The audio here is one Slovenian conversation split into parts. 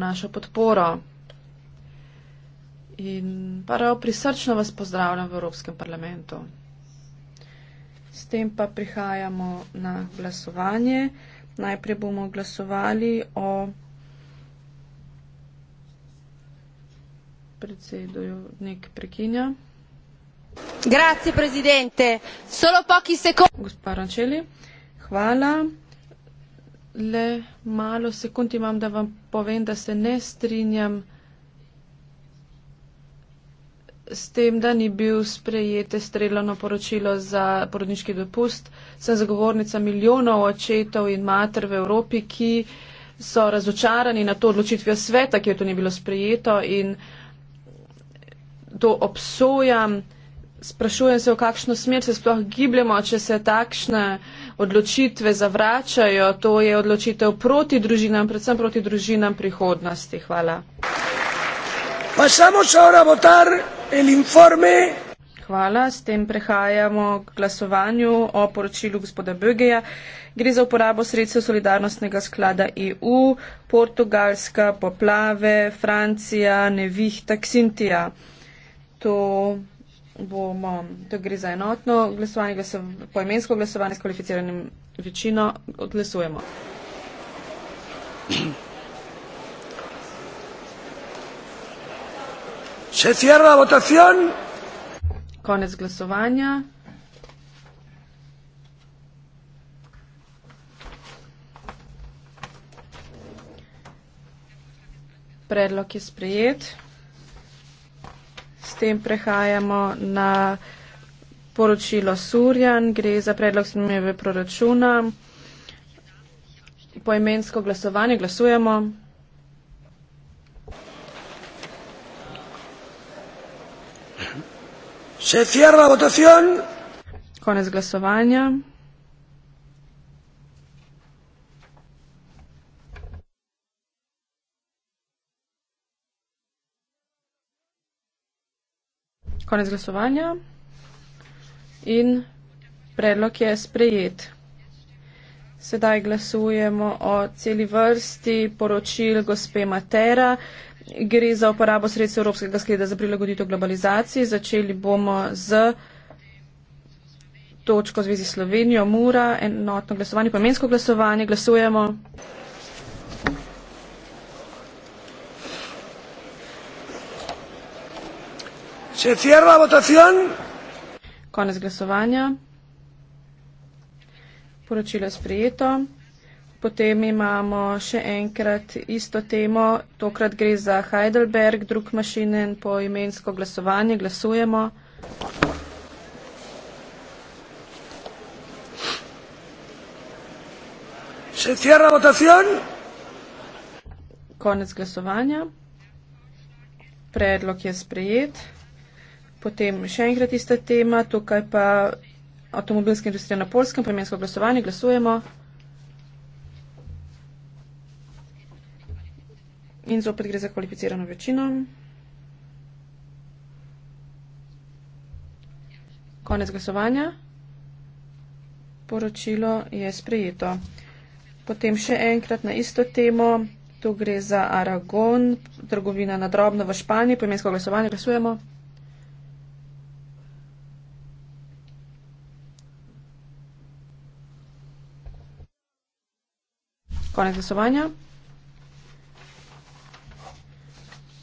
našo podporo. In prav prisrčno vas pozdravljam v Evropskem parlamentu. S tem pa prihajamo na glasovanje. Najprej bomo glasovali o predsednik prekinja. Grazie, predsednik. Solo pochi sekundi. Gospod Rančeli, hvala le malo sekund imam, da vam povem, da se ne strinjam s tem, da ni bil sprejete streljano poročilo za porodniški dopust. Sem zagovornica milijonov očetov in mater v Evropi, ki so razočarani na to odločitvijo sveta, ki je to ni bilo sprejeto in to obsojam. Sprašujem se, v kakšno smer se sploh gibljemo, če se takšne odločitve zavračajo. To je odločitev proti družinam, predvsem proti družinam prihodnosti. Hvala. Hvala. S tem prehajamo k glasovanju o poročilu gospoda Bögeja. Gre za uporabo sredstev solidarnostnega sklada EU, Portugalska, poplave, Francija, nevih, taksintija. To bomo, to gre za enotno glasovanje, glasov, poimensko glasovanje s kvalificiranim večino, odglasujemo. Se cierra votacion. Konec glasovanja. Predlog je sprejet potem prehajamo na poročilo Surjan, gre za predlog smeve proračuna. Poimensko glasovanje glasujemo. Se cierra votación. Konec glasovanja. konec glasovanja in predlog je sprejet. Sedaj glasujemo o celi vrsti poročil gospe Matera. Gre za uporabo sredstva Evropskega skleda za prilagoditev globalizaciji. Začeli bomo z točko v zvezi s Slovenijo, Mura, enotno glasovanje, pomensko glasovanje. Glasujemo. Se cierra la votación. Konec glasovanja. Poročilo je sprejeto. Potem imamo še enkrat isto temo. Tokrat gre za Heidelberg, drug mašinen po imensko glasovanje. Glasujemo. Se cierra la votación. Konec glasovanja. Predlog je sprejet. Potem še enkrat ista tema, tukaj pa avtomobilska industrija na polskem, premijensko glasovanje, glasujemo. In zopet gre za kvalificirano večino. Konec glasovanja. Poročilo je sprejeto. Potem še enkrat na isto temo. Tu gre za Aragon, trgovina na drobno v Španiji, pojmensko glasovanje, glasujemo. Konec glasovanja.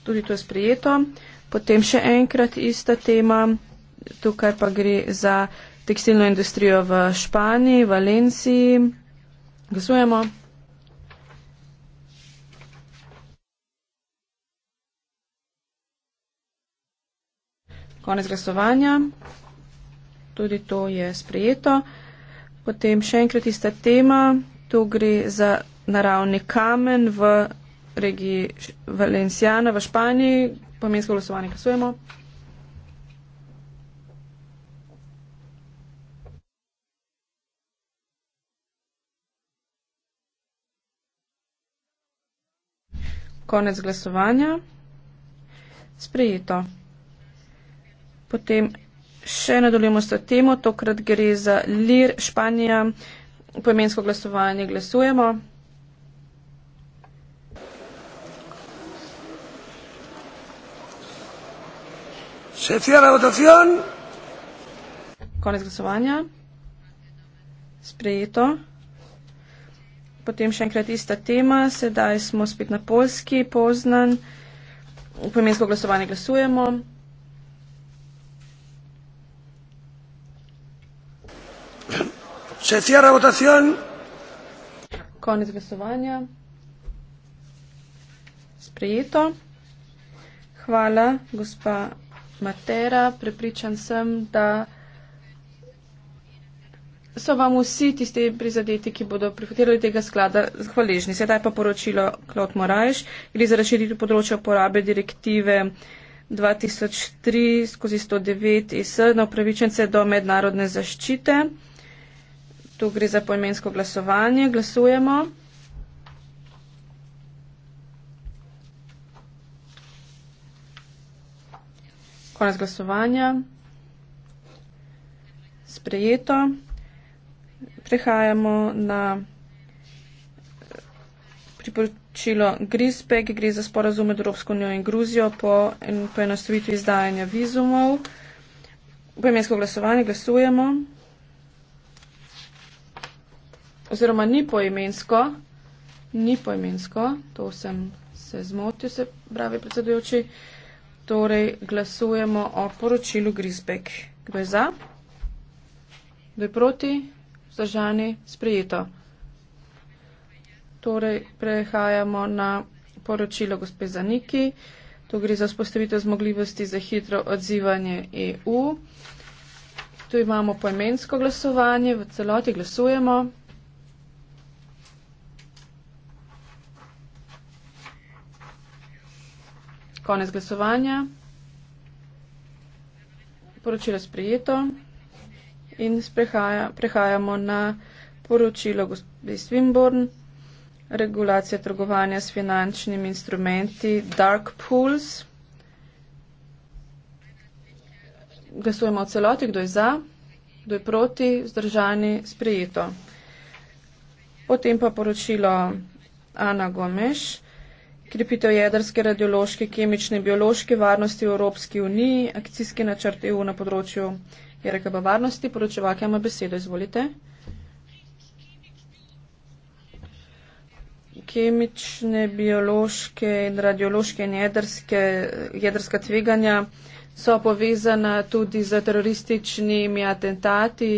Tudi to je sprejeto. Potem še enkrat ista tema. Tukaj pa gre za tekstilno industrijo v Španiji, Valenciji. Glasujemo. Konec glasovanja. Tudi to je sprejeto. Potem še enkrat ista tema. Tu gre za naravni kamen v regiji Valencijana v Španiji. Pomensko glasovanje glasujemo. Konec glasovanja. Sprejeto. Potem še nadaljujemo s temo, tokrat gre za Lir Španija. Pojemensko glasovanje glasujemo. Se cierra votación. Con esgrasovania. Sprejeto. Potem še enkrat ista tema, sedaj smo spet na polski, poznan. V pomensko glasovanje glasujemo. Se cierra votación. Konec glasovanja. Sprejeto. Hvala, gospa Matera, prepričan sem, da so vam vsi tisti prizadeti, ki bodo prihodili tega sklada, hvaležni. Sedaj pa poročilo Klot Morajš, gre za razširitev področja uporabe direktive 2003-109 IS e na upravičence do mednarodne zaščite. Tu gre za poimensko glasovanje. Glasujemo. Konec glasovanja. Sprejeto. Prehajamo na priporočilo GRISPE, ki gre za sporazum med Evropsko unijo in Gruzijo po poenostavitvi izdajanja vizumov. Pojemensko glasovanje glasujemo. Oziroma ni pojemensko, ni pojemensko, to sem se zmotil, se pravi predsedujoči. Uh, Torej, glasujemo o poročilu Grisbek. Kdo je za? Kdo je proti? Zdržani? Sprejeto. Torej, prehajamo na poročilo gospe Zaniki. Tu gre za spostavitev zmogljivosti za hitro odzivanje EU. Tu imamo poemensko glasovanje, v celoti glasujemo. Konec glasovanja. Poročilo sprejeto in sprehaja, prehajamo na poročilo gospodi Swinburne, regulacija trgovanja s finančnimi instrumenti Dark Pools. Glasujemo v celoti, kdo je za, kdo je proti, zdržani, sprejeto. Potem pa poročilo Ana Gomeš krepitev jedrske, radiološke, kemične in biološke varnosti v Evropski uniji, akcijski načrt EU na področju JRKB varnosti. Poročevalka ima besedo, izvolite. Kemične, biološke in radiološke in jedrske, jedrska tveganja so povezana tudi z terorističnimi atentati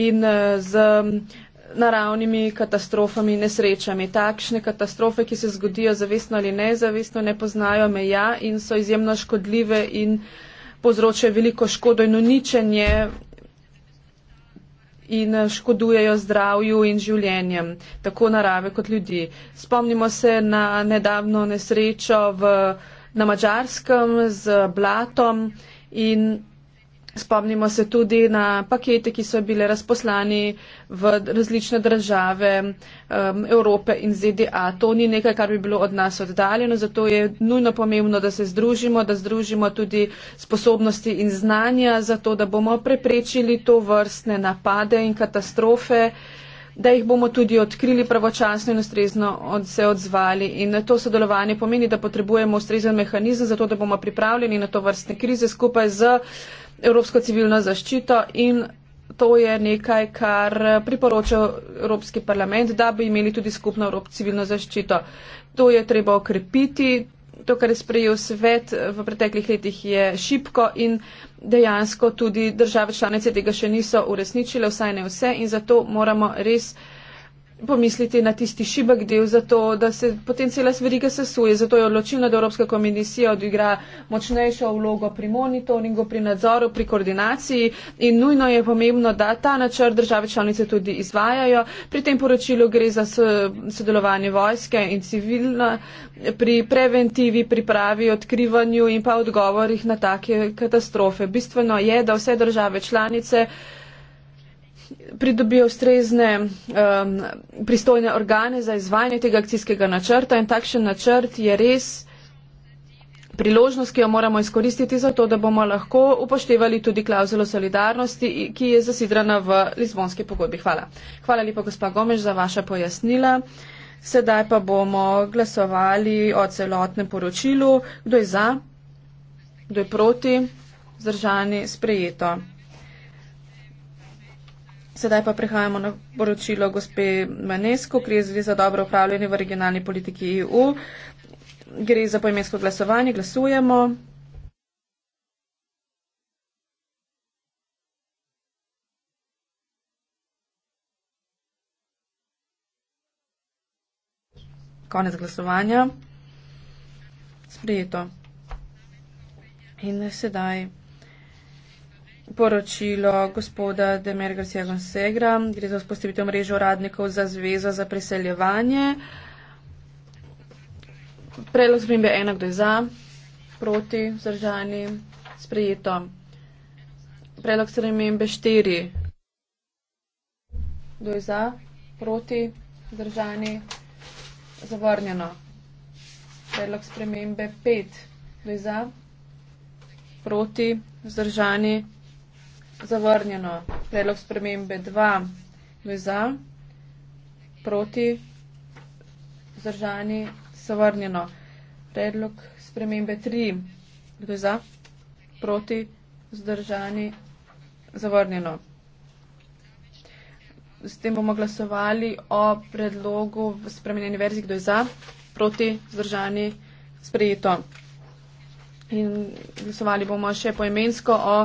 in eh, z uh, naravnimi katastrofami, nesrečami. Takšne katastrofe, ki se zgodijo zavestno ali nezavestno, ne poznajo meja in so izjemno škodljive in povzročajo veliko škodo in uničenje in škodujejo zdravju in življenjem, tako narave kot ljudi. Spomnimo se na nedavno nesrečo v, na Mačarskem z blatom in Spomnimo se tudi na pakete, ki so bile razposlani v različne države um, Evrope in ZDA. To ni nekaj, kar bi bilo od nas oddaljeno, zato je nujno pomembno, da se združimo, da združimo tudi sposobnosti in znanja, zato da bomo preprečili to vrstne napade in katastrofe da jih bomo tudi odkrili pravočasno in ustrezno od se odzvali. In to sodelovanje pomeni, da potrebujemo ustrezen mehanizem, zato da bomo pripravljeni na to vrstne krize skupaj z Evropsko civilno zaščito in to je nekaj, kar priporoča Evropski parlament, da bi imeli tudi skupno Evropsko civilno zaščito. To je treba okrepiti. To, kar je sprejel svet v preteklih letih, je šipko in dejansko tudi države članice tega še niso uresničile, vsaj ne vse in zato moramo res pomisliti na tisti šibek del, zato da se potem cela sveriga sesuje. Zato je odločilno, da Evropska komisija odigra močnejšo vlogo pri monitoringu, pri nadzoru, pri koordinaciji in nujno je pomembno, da ta načrt države članice tudi izvajajo. Pri tem poročilu gre za sodelovanje vojske in civilna pri preventivi, pripravi, odkrivanju in pa odgovorih na take katastrofe. Bistveno je, da vse države članice pridobijo ustrezne um, pristojne organe za izvajanje tega akcijskega načrta in takšen načrt je res priložnost, ki jo moramo izkoristiti za to, da bomo lahko upoštevali tudi klauzulo solidarnosti, ki je zasidrana v Lizbonski pogodbi. Hvala. Hvala lepa, gospa Gomeš, za vaša pojasnila. Sedaj pa bomo glasovali o celotnem poročilu. Kdo je za? Kdo je proti? Zdržani sprejeto. Sedaj pa prehajamo na poročilo gospe Manesko, ki je zdaj za dobro upravljanje v regionalni politiki EU. Gre za poimensko glasovanje, glasujemo. Konec glasovanja. Sprijeto. In sedaj poročilo gospoda Demir Garcia Gonsegra, gre za vzpostavitev mreže uradnikov za zvezo za priseljevanje. Predlog spremembe ena, kdo je za, proti, vzdržani, sprejeto. Predlog spremembe štiri, kdo je za, proti, vzdržani, zavrnjeno. Predlog spremembe pet, kdo je za, proti, vzdržani, zavrnjeno zavrnjeno. Predlog spremembe 2 je za, proti, zdržani, zavrnjeno. Predlog spremembe 3 je za, proti, zdržani, zavrnjeno. S tem bomo glasovali o predlogu v spremenjeni verziji, kdo je za, proti, zdržani, sprejeto. In glasovali bomo še poemensko o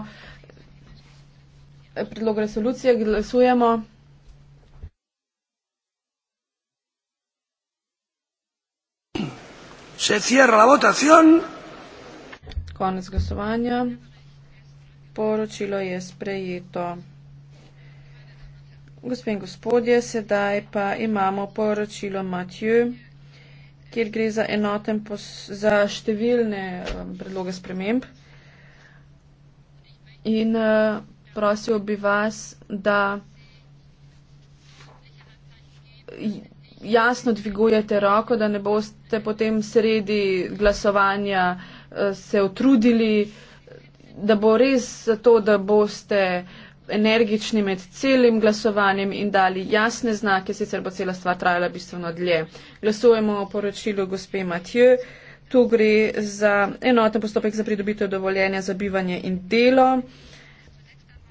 predlog resolucije glasujemo. Se cierra la votación. Konec glasovanja. Poročilo je sprejeto. Gospe in gospodje, sedaj pa imamo poročilo Matju, kjer gre za enoten pos, za številne eh, predloge sprememb. In eh, prosil bi vas, da jasno dvigujete roko, da ne boste potem sredi glasovanja eh, se utrudili, da bo res zato, da boste energični med celim glasovanjem in dali jasne znake, sicer bo cela stvar trajala bistveno dlje. Glasujemo o poročilu gospe Matje. Tu gre za enoten postopek za pridobitev dovoljenja za bivanje in delo.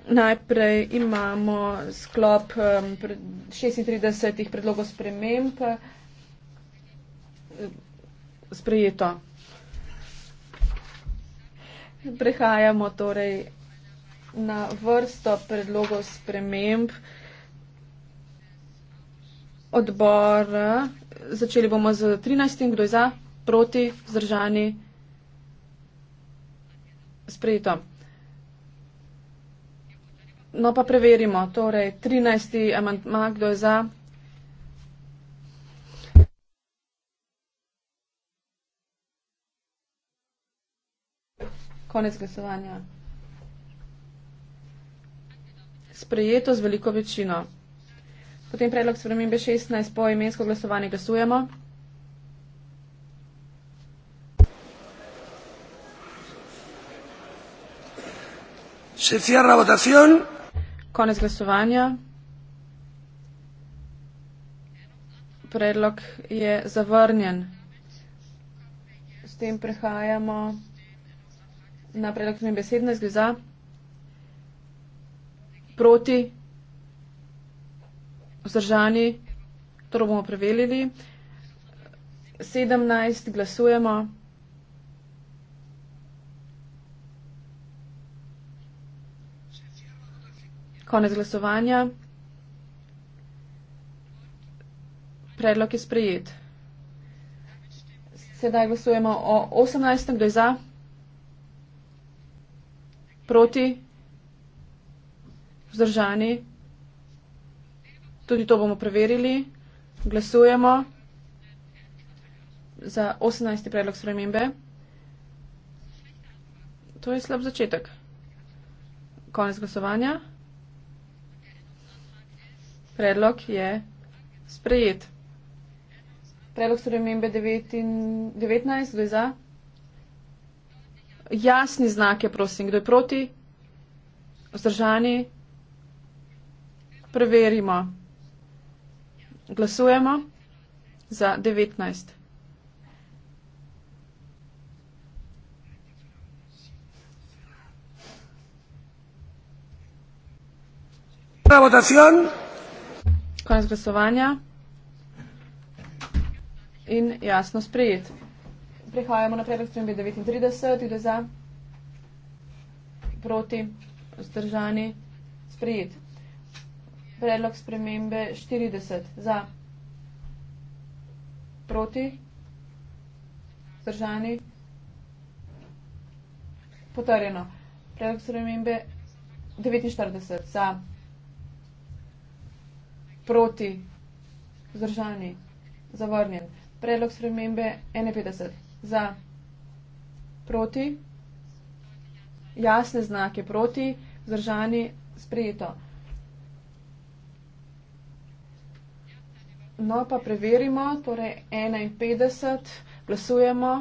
Najprej imamo sklop um, 36 predlogov sprememb sprejeto. Prehajamo torej na vrsto predlogov sprememb odbora. Začeli bomo z 13. Kdo je za? Proti? Zdržani? Sprejeto. No, pa preverimo. Torej, 13. amantma, kdo je za? Konec glasovanja. Sprejeto z veliko večino. Potem predlog spremembe 16 po imensko glasovanje glasujemo. Se cierra votación. Konec glasovanja. Predlog je zavrnjen. S tem prehajamo na predlog, ki mi je besedna zgleda. Proti, vzdržani, to bomo preverili. 17 glasujemo. Konec glasovanja. Predlog je sprejet. Sedaj glasujemo o 18. Kdo je za? Proti? Vzdržani? Tudi to bomo preverili. Glasujemo za 18. predlog spremembe. To je slab začetek. Konec glasovanja. Predlog je sprejet. Predlog spremembe 19, kdo je za? Jasni znake, prosim, kdo je proti? Vzdržani? Preverimo. Glasujemo za 19. La votación konec glasovanja in jasno sprejet. Prihajamo na predlog spremembe 39, kdo je za, proti, vzdržani, sprejet. Predlog spremembe 40, za, proti, vzdržani, potrjeno. Predlog spremembe 49, za, proti proti, vzdržani, zavrnjen. Predlog spremembe 51 za proti, jasne znake proti, vzdržani, sprejeto. No, pa preverimo, torej 51, glasujemo.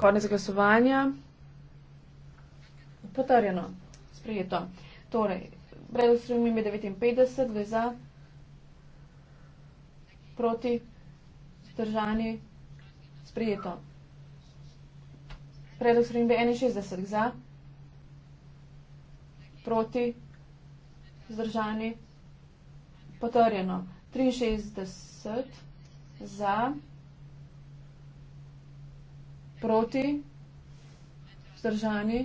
Konec glasovanja. Potrjeno, sprijeto. Torej, brez ustrojenja ime 59, gre za proti držani, sprijeto. Brez ustrojenja ime 61, gre za proti držani, potrjeno. 63 za, proti, vzdržani,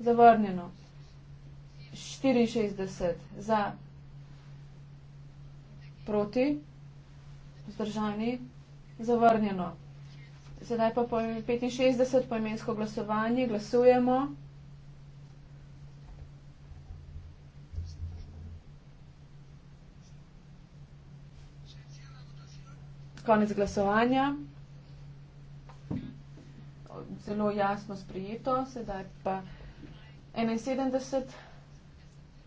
zavrnjeno. 64 za, proti, vzdržani, zavrnjeno. Sedaj pa 65 poimensko glasovanje, glasujemo. Konec glasovanja. Zelo jasno sprijeto, sedaj pa 71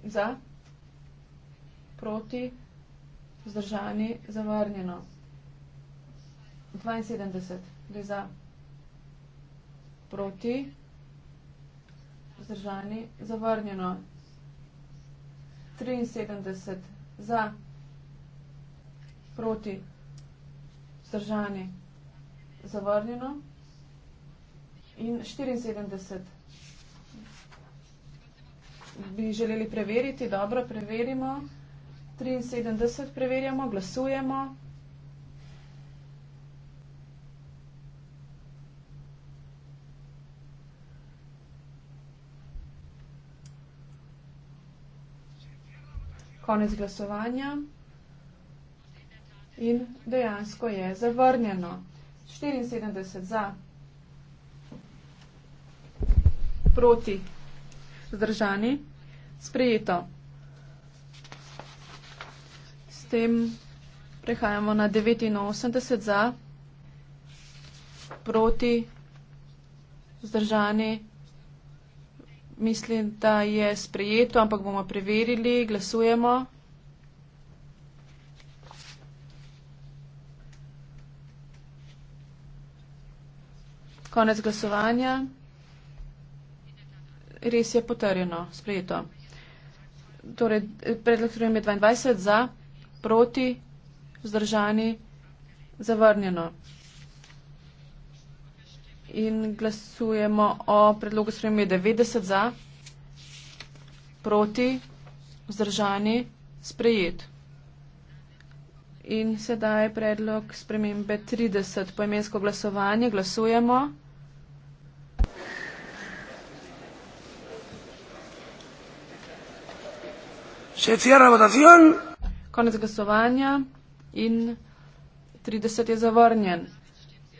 za, proti, vzdržani, zavrnjeno. 72 gre za, proti, vzdržani, zavrnjeno. 73 za, proti, vzdržani, zavrnjeno. In 74 za bi želeli preveriti, dobro preverimo. 73 preverjamo, glasujemo. Konec glasovanja. In dejansko je zavrnjeno. 74 za, proti, zdržani sprejeto. S tem prehajamo na 89 za, proti, zdržani. Mislim, da je sprejeto, ampak bomo preverili, glasujemo. Konec glasovanja. Res je potrjeno, sprejeto. Torej, predlog, ki je 22 za, proti, vzdržani, zavrnjeno. In glasujemo o predlogu, ki je 90 za, proti, vzdržani, sprejet. In sedaj predlog spremembe 30, poimensko glasovanje, glasujemo. Se cierra votación. Konec glasovanja in 30 je zavrnjen.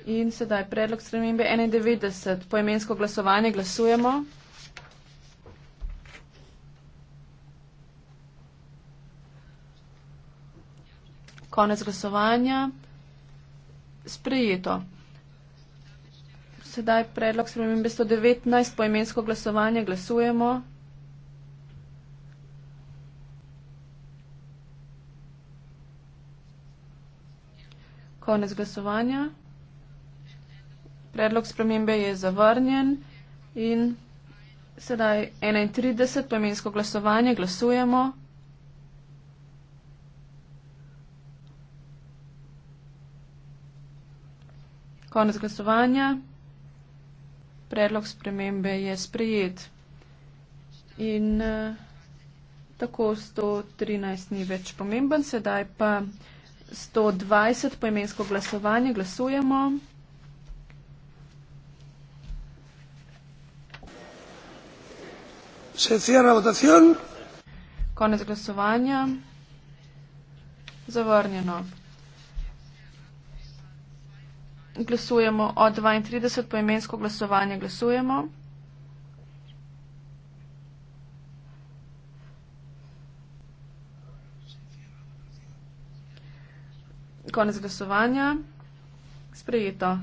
In sedaj predlog spremembe 91. Poimensko glasovanje glasujemo. Konec glasovanja. Sprejeto. Sedaj predlog spremembe 119. Poimensko glasovanje glasujemo. Konec glasovanja. Predlog spremembe je zavrnjen in sedaj 31 pomensko glasovanje. Glasujemo. Konec glasovanja. Predlog spremembe je sprejet. In uh, tako 113 ni več pomemben. Sedaj pa 120 poimensko glasovanje. Glasujemo. Se cierra votación. Konec glasovanja. Zavrnjeno. Glasujemo o 32 poimensko glasovanje. Glasujemo. konec glasovanja, sprejeto.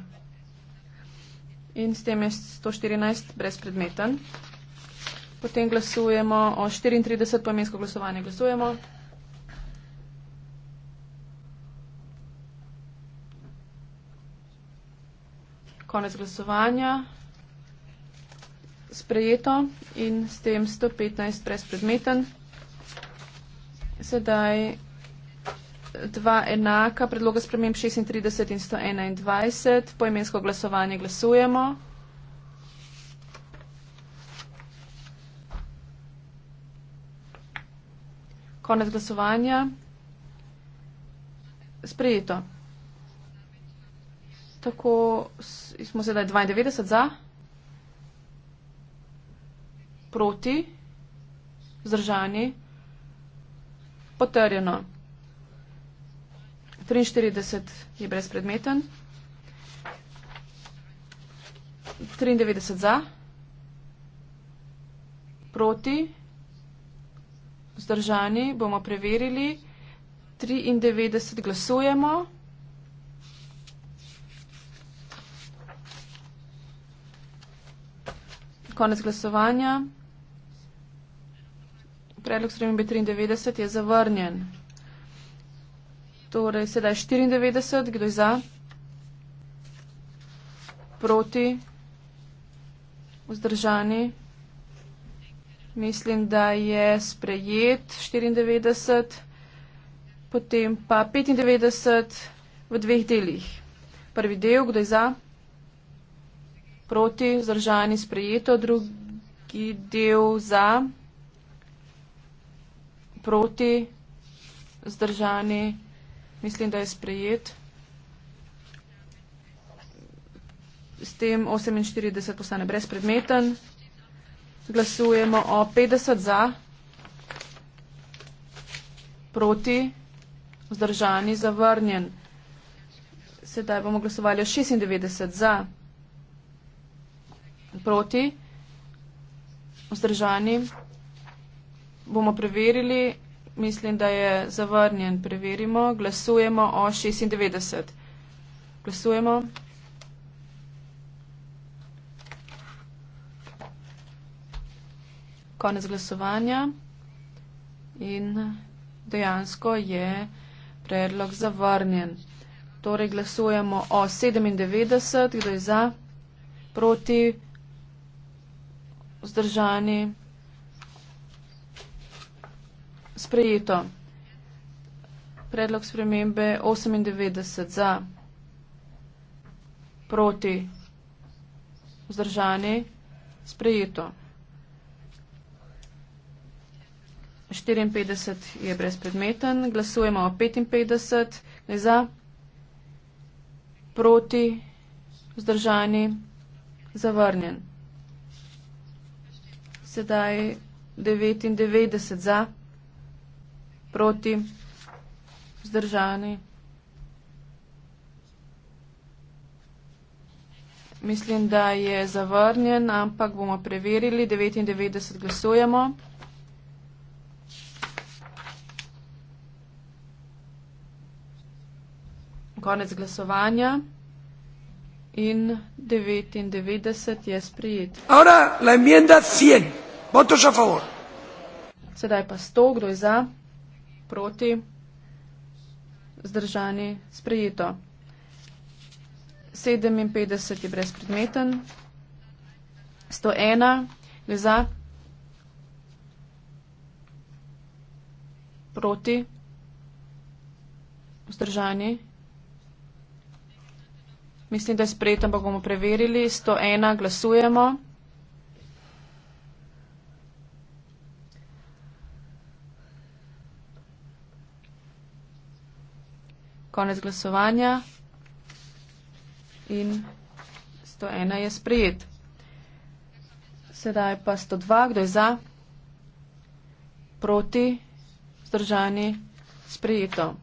In s tem je 114 brezpredmeten. Potem glasujemo o 34 pomensko glasovanje. Glasujemo. Konec glasovanja, sprejeto in s tem 115 brezpredmeten. Sedaj dva enaka predloga spremem 36 in 121. Poimensko glasovanje glasujemo. Konec glasovanja. Sprejeto. Tako smo sedaj 92 za, proti, zdržani, potrjeno. 43 je brezpredmeten, 93 za, proti, vzdržani, bomo preverili, 93 glasujemo. Konec glasovanja. Predlog s 93 je zavrnjen. Torej, sedaj 94, kdo je za? Proti? Vzdržani? Mislim, da je sprejet 94, potem pa 95 v dveh delih. Prvi del, kdo je za? Proti, vzdržani, sprejeto. Drugi del za, proti, vzdržani, sprejeto mislim, da je sprejet. S tem 48 postane brezpredmeten. Glasujemo o 50 za, proti, vzdržani, zavrnjen. Sedaj bomo glasovali o 96 za, proti, vzdržani. Bomo preverili mislim, da je zavrnjen. Preverimo. Glasujemo o 96. Glasujemo. Konec glasovanja. In dejansko je predlog zavrnjen. Torej glasujemo o 97. Kdo je za? Proti? Vzdržani? Sprejeto. Predlog spremembe 98 za, proti, vzdržani. Sprejeto. 54 je brezpredmeten. Glasujemo o 55. Ne za, proti, vzdržani. Zavrnjen. Sedaj 99 za proti, vzdržani. Mislim, da je zavrnjen, ampak bomo preverili. 99 glasujemo. Konec glasovanja in 99 je sprijet. Ahora, la enmienda 100. Votos a favor. Sedaj pa 100, kdo je za? proti, zdržani, sprejeto. 57 je brezpredmeten, 101 je za, proti, vzdržani. Mislim, da je sprejeto, ampak bomo preverili. 101 glasujemo. konec glasovanja in 101 je sprejet. Sedaj pa 102, kdo je za, proti, zdržani, sprejeto.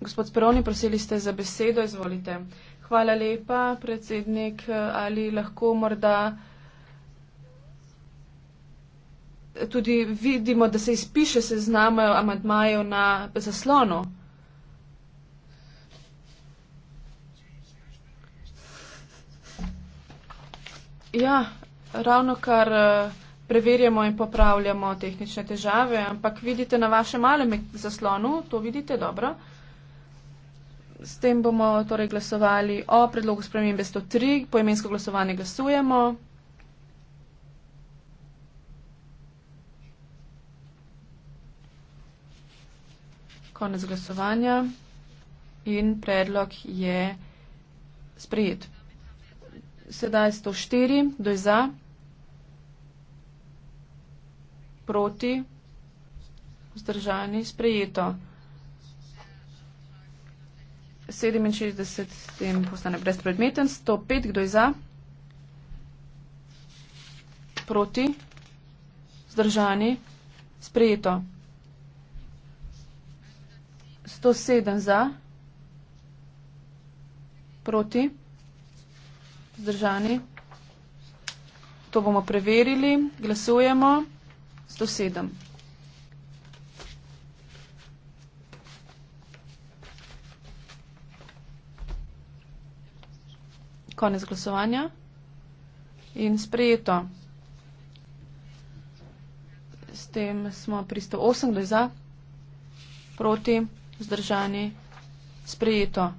Gospod Speroni, prosili ste za besedo, izvolite. Hvala lepa, predsednik. Ali lahko morda. tudi vidimo, da se izpiše seznam amantmajev na zaslonu. Ja, ravno kar eh, preverjamo in popravljamo tehnične težave, ampak vidite na vašem malem zaslonu, to vidite dobro. S tem bomo torej glasovali o predlogu spremembe 103, poimensko glasovanje glasujemo. konec glasovanja in predlog je sprejet. Sedaj 104, doj za, proti, vzdržani, sprejeto. 67 s tem postane brezpredmeten, 105, kdo je za, proti, zdržani, sprejeto. 107 za, proti, zdržani. To bomo preverili. Glasujemo. 107. Konec glasovanja. In sprejeto. S tem smo pri 108, kdo je za, proti vzdržani, sprejeto.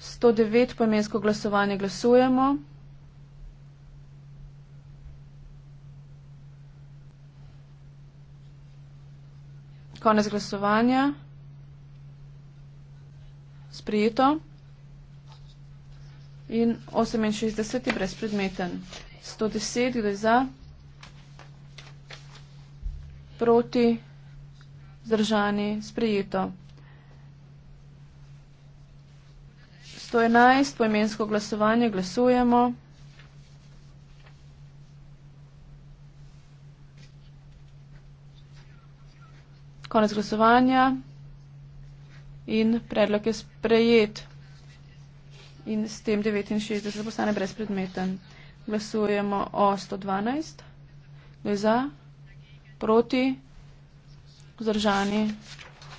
109 poimensko glasovanje glasujemo. Konec glasovanja. Sprijeto. In 68 je brezpredmeten. 110, kdo je za? Proti. Zdržani, sprejeto. 111, poimensko glasovanje, glasujemo. Konec glasovanja in predlog je sprejet in s tem 69 postane brezpredmeten. Glasujemo o 112. Kdo je za? Proti? vzdržani,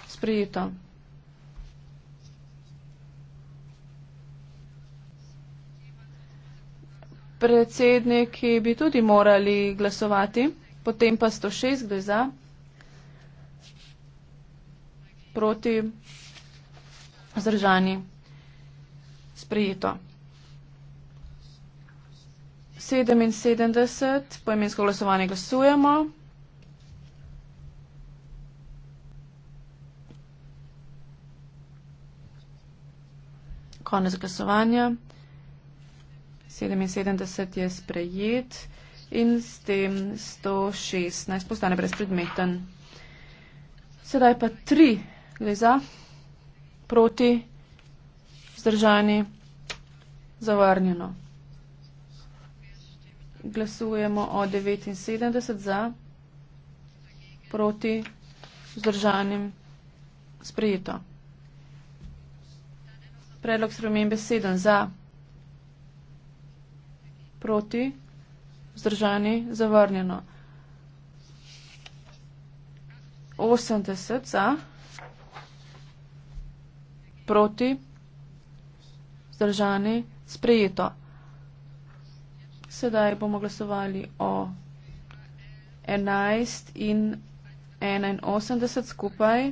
sprejeto. Predsedniki bi tudi morali glasovati, potem pa 106 gre za, proti, vzdržani, sprejeto. 77, poimensko glasovanje glasujemo. konec glasovanja. 77 je sprejet in s tem 116 postane brezpredmeten. Sedaj pa tri gre za, proti, vzdržani, zavrnjeno. Glasujemo o 79 za, proti, vzdržanim, sprejeto. Predlog spremembe sedem za, proti, vzdržani, zavrnjeno. 80 za, proti, vzdržani, sprejeto. Sedaj bomo glasovali o 11 in 81 skupaj.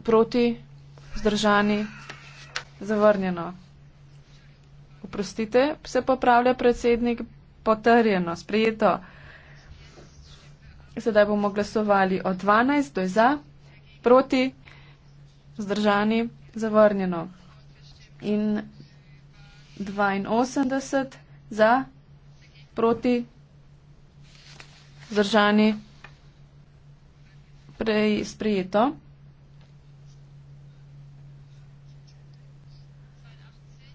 Proti, Zdržani. Zavrnjeno. Oprostite, se popravlja predsednik. Potrjeno, sprejeto. Sedaj bomo glasovali od 12 do za, proti, zdržani, zavrnjeno. In 82 za, proti, zdržani, prej sprejeto.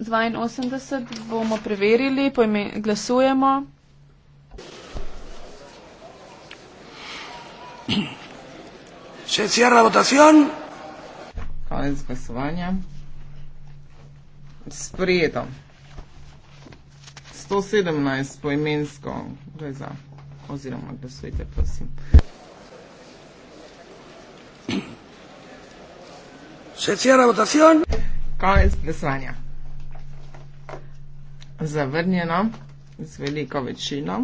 82 bomo preverili, pojme, glasujemo. Se cierra votación. Konec glasovanja. Sprijeto. 117 poimensko. Glej za. Oziroma glasujte, prosim. Se cierra votación. Konec glasovanja zavrnjeno z veliko večino.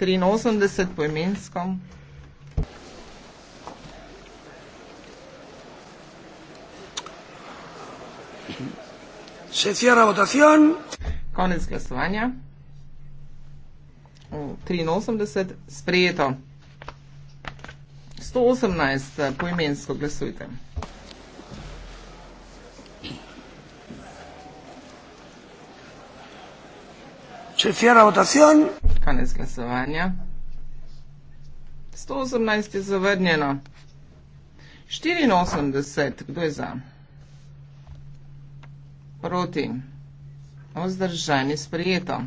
83 poimensko. Se cierra votación. Konec glasovanja. 83 sprejeto. 118 eh, poimensko glasujte. Če je fjera votacion. Konec glasovanja. 118 je zavrnjeno. 84, kdo je za? Proti. Ozdržani, sprijeto.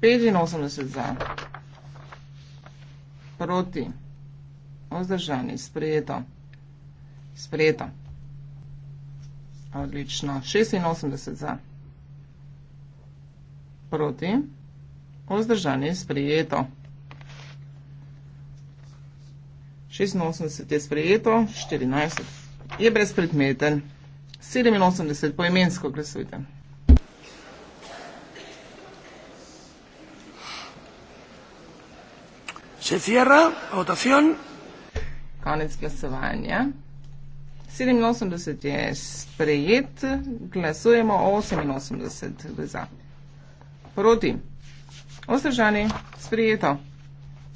85 za. Proti. Ozdržani, sprijeto. Sprijeto. Odlično. 86 za proti, vzdržanje je sprejeto. 86 je sprejeto, 14 je brezpredmeten, 87 poimensko glasujte. Se cierra, votación. Konec glasovanja. 87 je sprejet, glasujemo 88 za proti. Ostržani, sprijeto.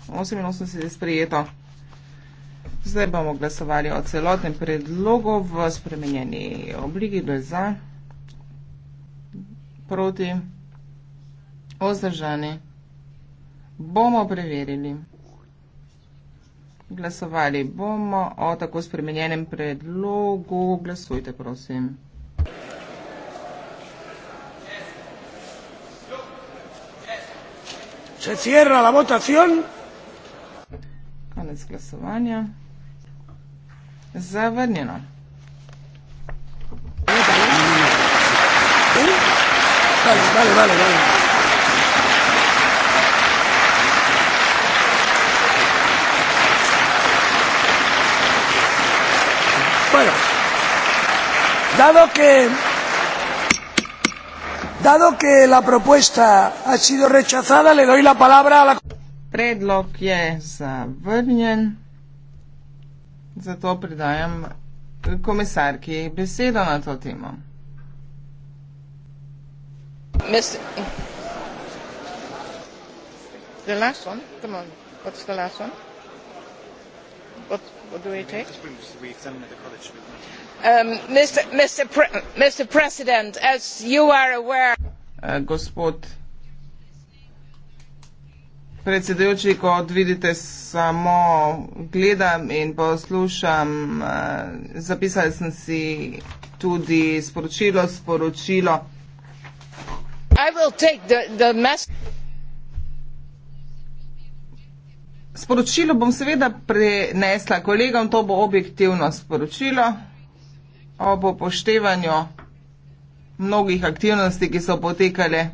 88 je sprijeto. Zdaj bomo glasovali o celotnem predlogu v spremenjeni obliki. Kdo je za? Proti. Ostržani. Bomo preverili. Glasovali bomo o tako spremenjenem predlogu. Glasujte, prosim. se cierra la votación. Konec glasovanja. Zavrnjeno. Bueno, dado que... Dado que la propuesta ha sido rechazada, le doy la palabra a la. Predlog je zavrnjen, zato predajam komisarki besedo na to temo. Mr mr um, president as you are aware eh, gospod predsedujoči kot vidite samo gledam in poslušam eh, zapisala sem si tudi sporočilo sporočilo I will take the, the sporočilo bom seveda prenesla kolegom to bo objektivno sporočilo ob upoštevanju mnogih aktivnosti, ki so potekale.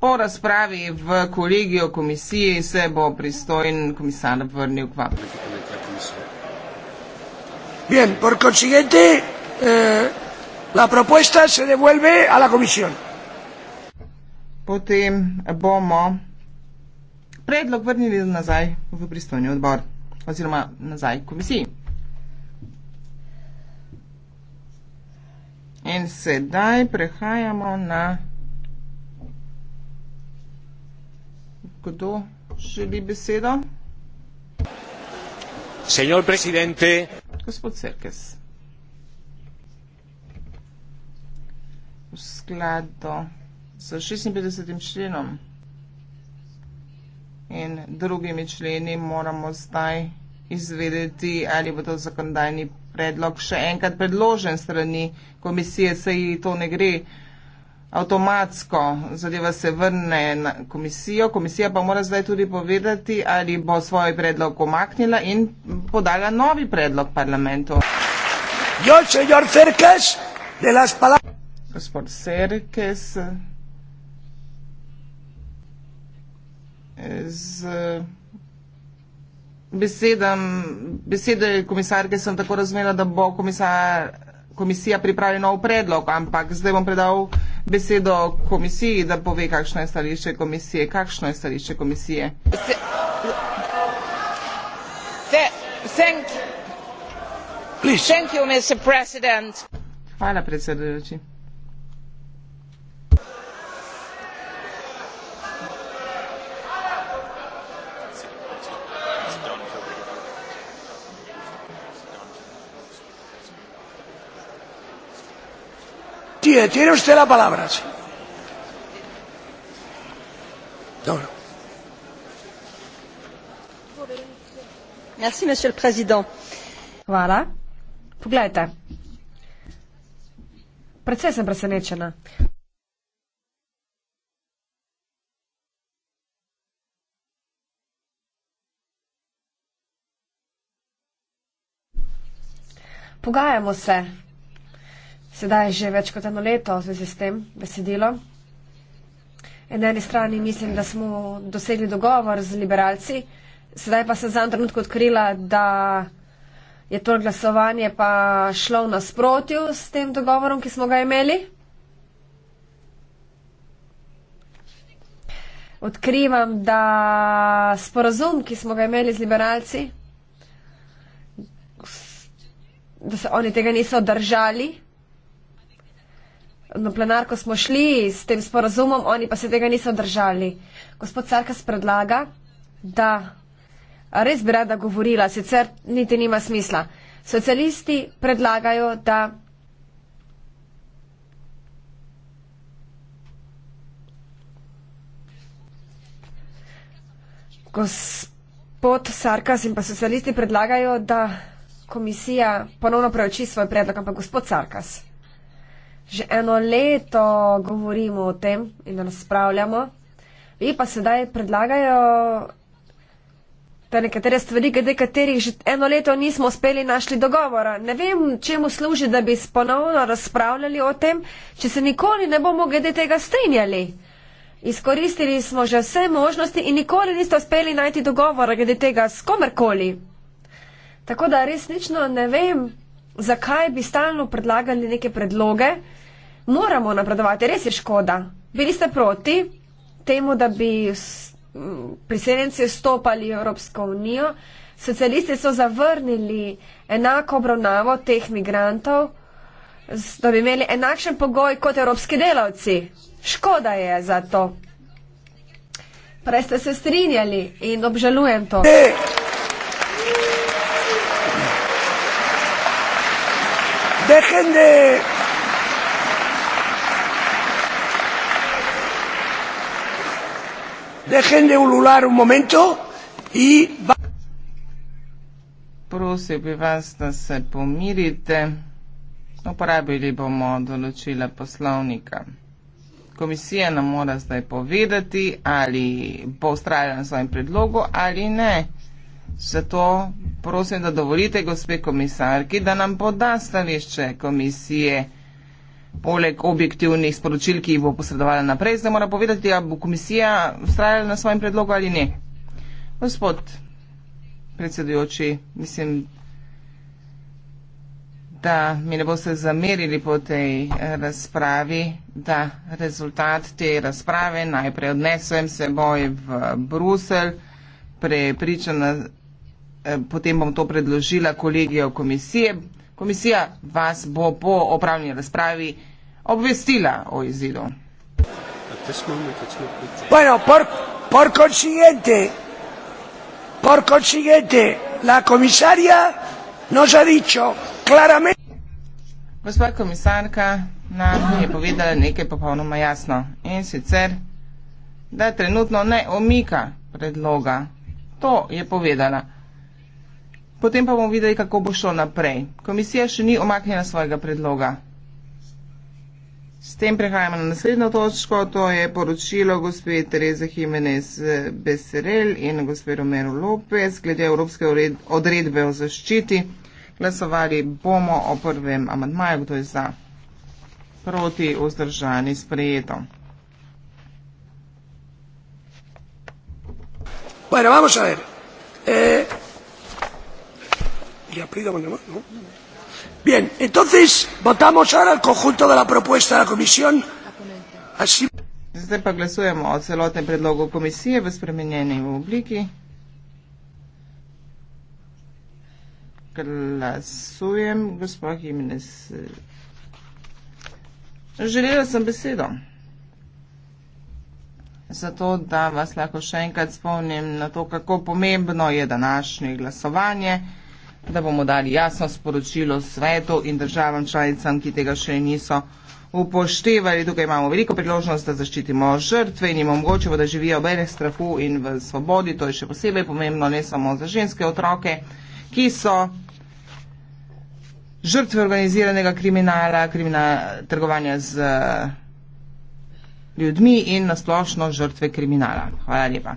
Po razpravi v kolegijo komisiji se bo pristojen komisar vrnil k vam. Bien, por consiguiente, eh, la propuesta se devuelve a la comisión. Potem bomo predlog vrnili nazaj v pristojni odbor oziroma nazaj v komisiji. In sedaj prehajamo na kdo želi besedo. Senor presidente. Gospod Cerkes. V skladu s 56. členom in drugimi členi moramo zdaj izvedeti, ali bo to zakonodajni predlog še enkrat predložen strani komisije, saj to ne gre avtomatsko, zadeva se vrne na komisijo, komisija pa mora zdaj tudi povedati, ali bo svoj predlog omaknila in podala novi predlog parlamentu. Gospod Serkes, z besedam, besede komisarke sem tako razumela, da bo komisar, komisija pripravila nov predlog, ampak zdaj bom predal besedo komisiji, da pove, kakšno je stališče komisije. Kakšno je stališče komisije? Se, se, thank, thank you, Hvala, predsedujoči. pie. Eh, tiene usted la palabra. Sí. No, no. Merci, Monsieur le Président. Voilà. Poglejte. Precej sem presenečena. Pogajamo se sedaj že več kot eno leto v zvezi s tem besedilo. Na eni strani mislim, da smo dosegli dogovor z liberalci, sedaj pa sem za en trenutek odkrila, da je to glasovanje pa šlo v nasprotju s tem dogovorom, ki smo ga imeli. Odkrivam, da sporozum, ki smo ga imeli z liberalci, da se oni tega niso držali, na plenarko smo šli s tem sporazumom, oni pa se tega niso držali. Gospod Carkas predlaga, da res bi rada govorila, sicer niti nima smisla. Socialisti predlagajo, da gospod Sarkas in pa socialisti predlagajo, da komisija ponovno preoči svoj predlog, ampak gospod Sarkas. Že eno leto govorimo o tem in razpravljamo. Vi pa sedaj predlagajo te nekatere stvari, glede katerih že eno leto nismo uspeli našli dogovora. Ne vem, čemu služi, da bi ponovno razpravljali o tem, če se nikoli ne bomo glede tega strinjali. Izkoristili smo že vse možnosti in nikoli niste uspeli najti dogovora glede tega s komerkoli. Tako da resnično ne vem, zakaj bi stalno predlagali neke predloge moramo napredovati, res je škoda. Bili ste proti temu, da bi priseljenci stopali v Evropsko unijo, socialisti so zavrnili enako obravnavo teh migrantov, da bi imeli enakšen pogoj kot evropski delavci. Škoda je za to. Prej ste se strinjali in obžalujem to. Ne. Dejen de dejen de ulular un momento y va... Prosil bi vas, da se pomirite. Uporabili bomo določila poslovnika. Komisija nam mora zdaj povedati, ali bo ustrajala na svojem predlogu ali ne. Zato prosim, da dovolite, gospe komisarki, da nam poda stališče komisije poleg objektivnih sporočil, ki jih bo posredovala naprej, zdaj mora povedati, ali bo komisija vztrajala na svojem predlogu ali ne. Gospod predsedujoči, mislim, da mi ne boste zamerili po tej razpravi, da rezultat te razprave najprej odnesem seboj v Brusel, prepričana, eh, potem bom to predložila kolegijo komisije. Komisija vas bo po opravljeni razpravi obvestila o izidu. Bueno, por, por consiguiente, por consiguiente, la comisaria nos ha dicho claramente. Gospa komisarka nam je povedala nekaj popolnoma jasno in sicer, da trenutno ne omika predloga. To je povedala. Potem pa bomo videli, kako bo šlo naprej. Komisija še ni omaknjena svojega predloga. S tem prehajamo na naslednjo točko, to je poročilo gospe Tereze Jimenez eh, Beserel in gospe Romero Lopez glede Evropske odredbe o zaščiti. Glasovali bomo o prvem amantmaju, kdo je za proti vzdržani sprejeto. Bueno, vamos a ver. Eh, y aplaudan además. ¿no? Bien, entonces votamos ahora el conjunto de la propuesta de la comisión. Así... Zdaj pa glasujemo o celotnem predlogu komisije v spremenjeni obliki. Glasujem, gospod Jimenez. Želela sem besedo. Zato, da vas lahko še enkrat spomnim na to, kako pomembno je današnje glasovanje da bomo dali jasno sporočilo svetu in državam članicam, ki tega še niso upoštevali. Tukaj imamo veliko priložnost, da zaščitimo žrtve in jim omogočimo, da živijo v enem strahu in v svobodi. To je še posebej pomembno, ne samo za ženske otroke, ki so žrtve organiziranega kriminala, kriminala trgovanja z ljudmi in nasplošno žrtve kriminala. Hvala lepa.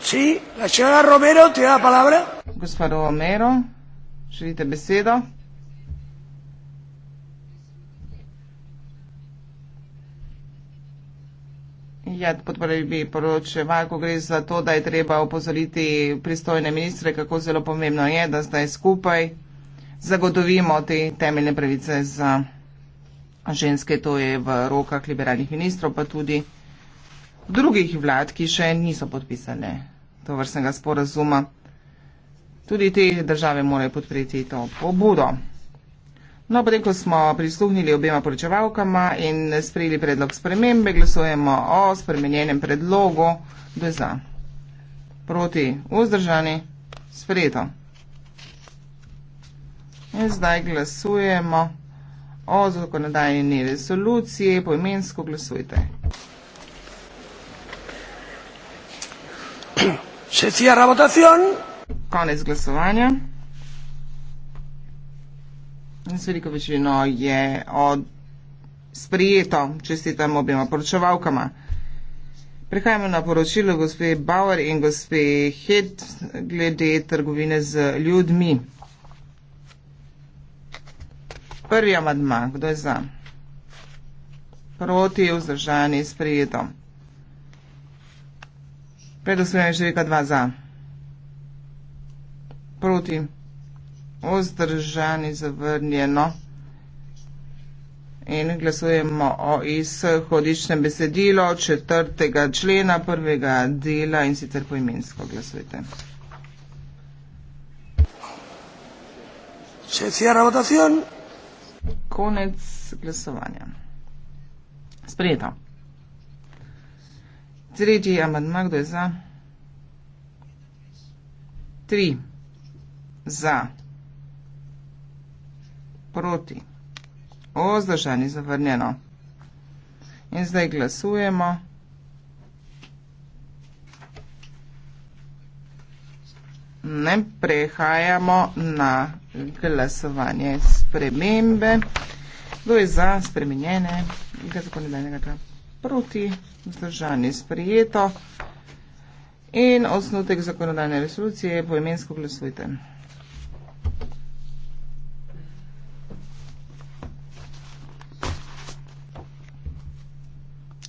Sí, la señora Romero tiene la palabra. Gospa Romero, želite besedo? Ja, podporej bi poročeva, ko gre za to, da je treba opozoriti pristojne ministre, kako zelo pomembno je, da zdaj skupaj zagotovimo te temeljne pravice za ženske, to je v rokah liberalnih ministrov, pa tudi drugih vlad, ki še niso podpisane to vrstnega sporazuma. Tudi te države morajo podpreti to pobudo. No, potem, ko smo prisluhnili obema poročevalkama in sprejeli predlog spremembe, glasujemo o spremenjenem predlogu, kdo je za, proti, vzdržani, sprejeto. In zdaj glasujemo o zakonodajni resoluciji, poimensko glasujte. Se cierra votación. Konec glasovanja. Sveliko večino je od... sprijeto, čestitam objema poročevalkama. Prehajamo na poročilo gospe Bauer in gospe Hed glede trgovine z ljudmi. Prvi amadma, kdo je za? Proti, vzdržani, sprijeto. Predvsem je žvega dva za. Proti. Ozdržani zavrnjeno. In glasujemo o izhodičnem besedilo četrtega člena prvega dela in sicer poimensko glasujte. Se cierra votación. Konec glasovanja. Sprejeto. Tretji amandma, kdo je za? Tri. Za. Proti. O, zdržani, zavrnjeno. In zdaj glasujemo. Ne, prehajamo na glasovanje spremembe. Kdo je za spremenjene? Nekaj zakonodajnega kraja proti, vzdržani sprijeto. In osnutek zakonodajne resolucije je poimensko glasujte.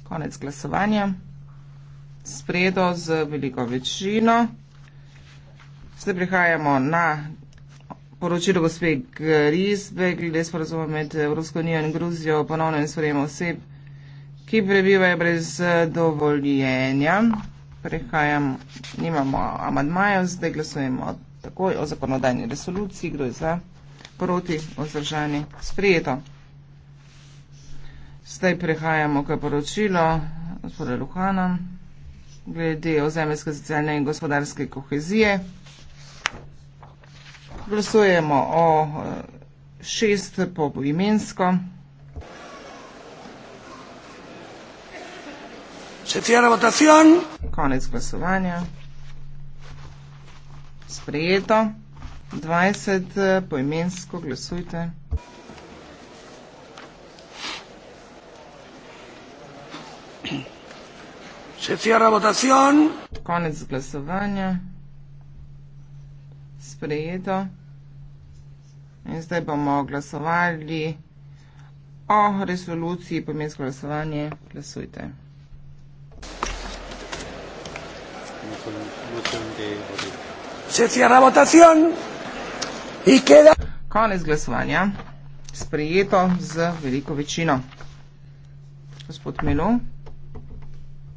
Konec glasovanja. Spredo z veliko večino. Zdaj prihajamo na poročilo gospe Grizbe glede sporazuma med Evropsko unijo in Gruzijo o ponovnem sprejemu oseb ki prebivajo brez eh, dovoljenja. Prehajam, nimamo amadmajev, zdaj glasujemo takoj o zakonodajni resoluciji, kdo je za, proti, ozdržani, sprijeto. Zdaj prehajamo k poročilo gospoda Luhana glede ozemljske socialne in gospodarske kohezije. Glasujemo o eh, šest poimensko. imensko. Se cierra votación. Konec glasovanja. Sprejeto. 20 eh, poimensko glasujte. Se cierra votación. Konec glasovanja. Sprejeto. In zdaj bomo glasovali o resoluciji poimensko glasovanje. Glasujte. Se cierra votación y queda. Konec glasovanja. Sprejeto z veliko večino. Gospod Melo.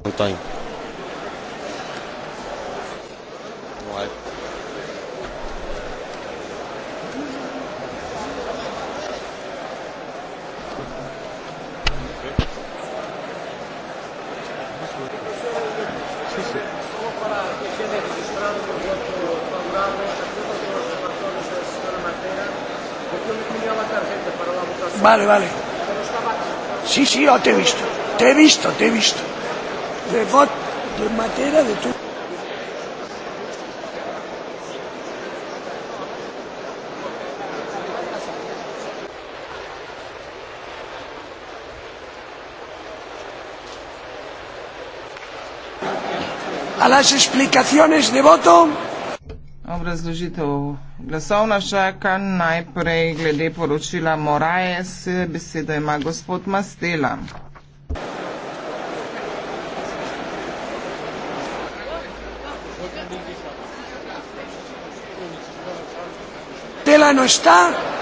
Votajmo. Vale, vale. Sí, sí, yo no, te he visto. Te he visto, te he visto. De bot, de materia, de tu. A las explicaciones de voto obrazložitev glasovna šaka. Najprej glede poročila Morajes, besedo ima gospod Mastela. Tela no šta?